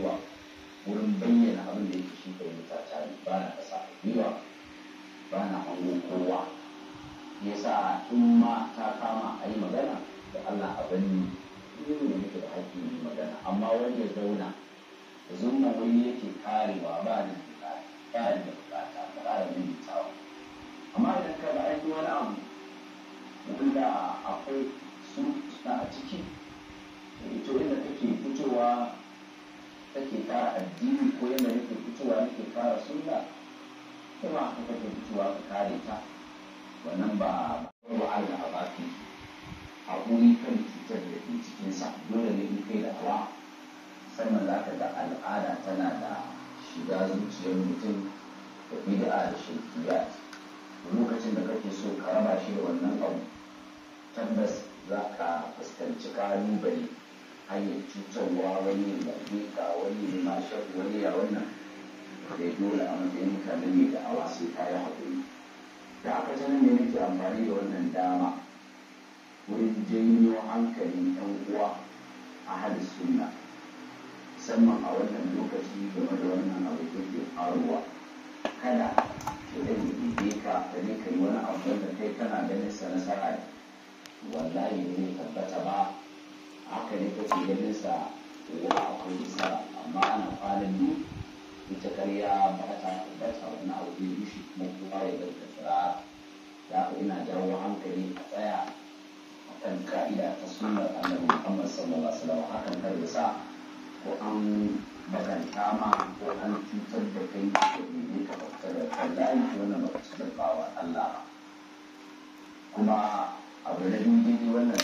gwiwa wurin bayyana abin da yake shi fahimta ta ne ba na ƙasa yiwa ba na hangon kowa ya sa in ma ta kama a yi magana da Allah a bani ne ne nake da haƙƙi yi magana amma wanda ya zauna zumma wani yake karewa ba ni ba da bukata ba ƙara min tawa amma idan ka da aiki wani abu wanda akwai su a ciki to inda kake fito addini ko yadda nake fitowa nake fara sunna kuma aka kake fitowa ka kare ta wannan ba ba Allah ba ki guri kan cutar da ke cikinsa dole ne in kai da awa sannan za ka ga al'ada tana da shiga zuciyar mutum da bid'a da shirkiya lokacin da kake so ka raba shi da wannan abu tabbas za ka fuskanci kalubale hanyar cutarwa wani ya bage ka wani ya mashe wani ya wannan da ya dole a matsayin mutane mai awa sai ka yi haƙuri da aka sanar ne nake amfani da wannan dama wurin janyo hankalin yan uwa a hadis sunna musamman a wannan lokaci game da wannan abu da ke faruwa kada ki da ne ka da ne ka yi wani abu da kai kana ganin sa nasara wallahi ne dalilinsa wa akwai isa amma ana falin ne ita karya ba ta ta wani abu ne mishi kuma kowa ya bar da tsara da haka ina jawo hankali a tsaya a kan ka'ida ta sunan annabi muhammad sallallahu alaihi wasallam hakan kar ya sa ko an bakanta ma ko an cutar da kai ko ne ka fita da kallayi wannan ba ka bawa Allah kuma abu na biyu wannan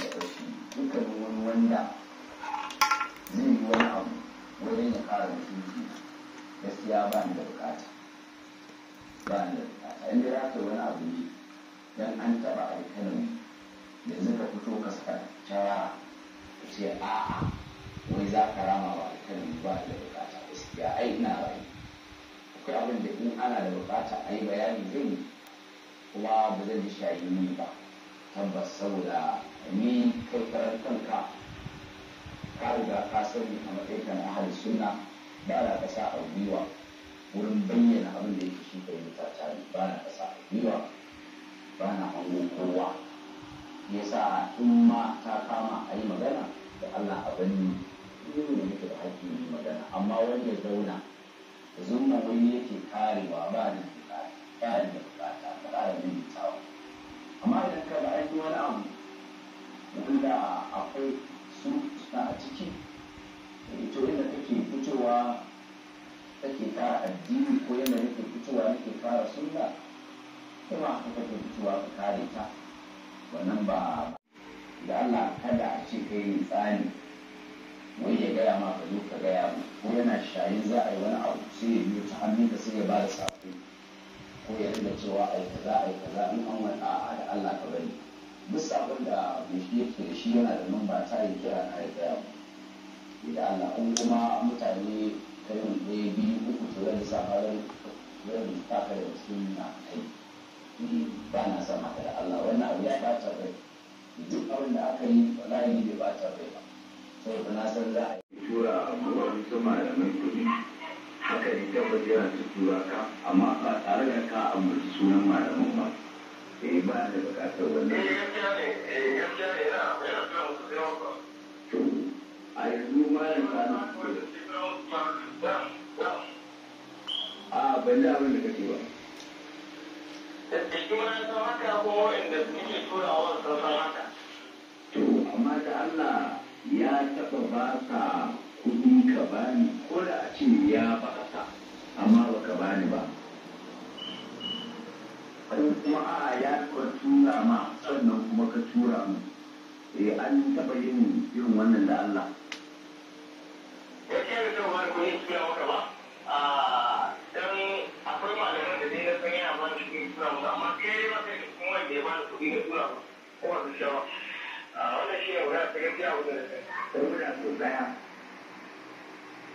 ba ni da bukata ba da bukata in ya haka wani abu ne dan an taba alkalami yanzu ka fito ka saka ta ce ce a'a wai za ka rama wa alkalami ba ni da bukata gaskiya ai ina rayu akwai abin da in ana da bukata ai bayani zan yi kuma ba zan ji shayi ni ba tabbas saboda ni kai kanka ka riga ka sani a matsayin ahli suna ba da kasa a gwiwa wurin bayyana abin da yake shi fahimta ta ne ba na ƙasa yiwa ba na hango kowa ya sa in ma ta kama a yi magana da Allah a banni yin da yake da haƙƙi yi magana amma wanda ya zauna zumma wani yake karewa ba da bukata ba da bukata ba da limitawa amma idan ka ba aiki wani abu wanda akwai su a ciki to inda kake fitowa take fara addini ko yadda nake fitowa nake fara sunna ko ma haka kake fitowa ka kare ta wannan ba da Allah kada a ce kai tsani wai ya gaya ma ka ka gaya mu ko yana shayin za a yi wani abu sai ya biyo ta hannun da sai ya ba da sako ko ya rinda cewa a yi kaza a yi kaza in an wani a da Allah ka bari duk sakon da mai shi yake da shi yana da mamba ta yi kira na ya gaya mu da Allah kuma mutane ta yin sunna kai ni ba na son haka da Allah wannan abu ya bata rai duk abin da aka yi wallahi ni bai bata rai ba sai saboda na san za a yi tura wani su malamai kuɗi haka ne tabbas yana su tura ka amma ba tare da ka ambaci sunan malamin ba eh ba da bukatar wannan eh, eh, a yanzu malam kana a ban da abin da kake ba tattakin ma san haka ko inda suke turawa sun san haka. To, amma da Allah ya taɓa ba ka kuɗi ka bani ko da a ce ya ba ka amma ba ka bani ba. kuma a'a ya taɓa tura ma sannan kuma ka tura mu. Eh an taɓa yin irin wannan da Allah. Ya ce da cewa ko ya tura maka ba? 我子说，啊，我那些我要这个家，我子能不能负担啊？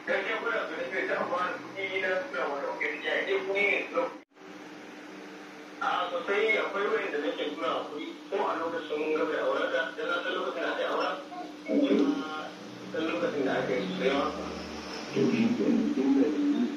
跟家不能负担就正好，今年呢不能我子给钱，今年弄。啊，做生意啊，亏了人家钱多了，所以，我那个孙个不啦，我那个，我那个孙个现在，我那个，我那个孙个现在给不要了，就是说，真的。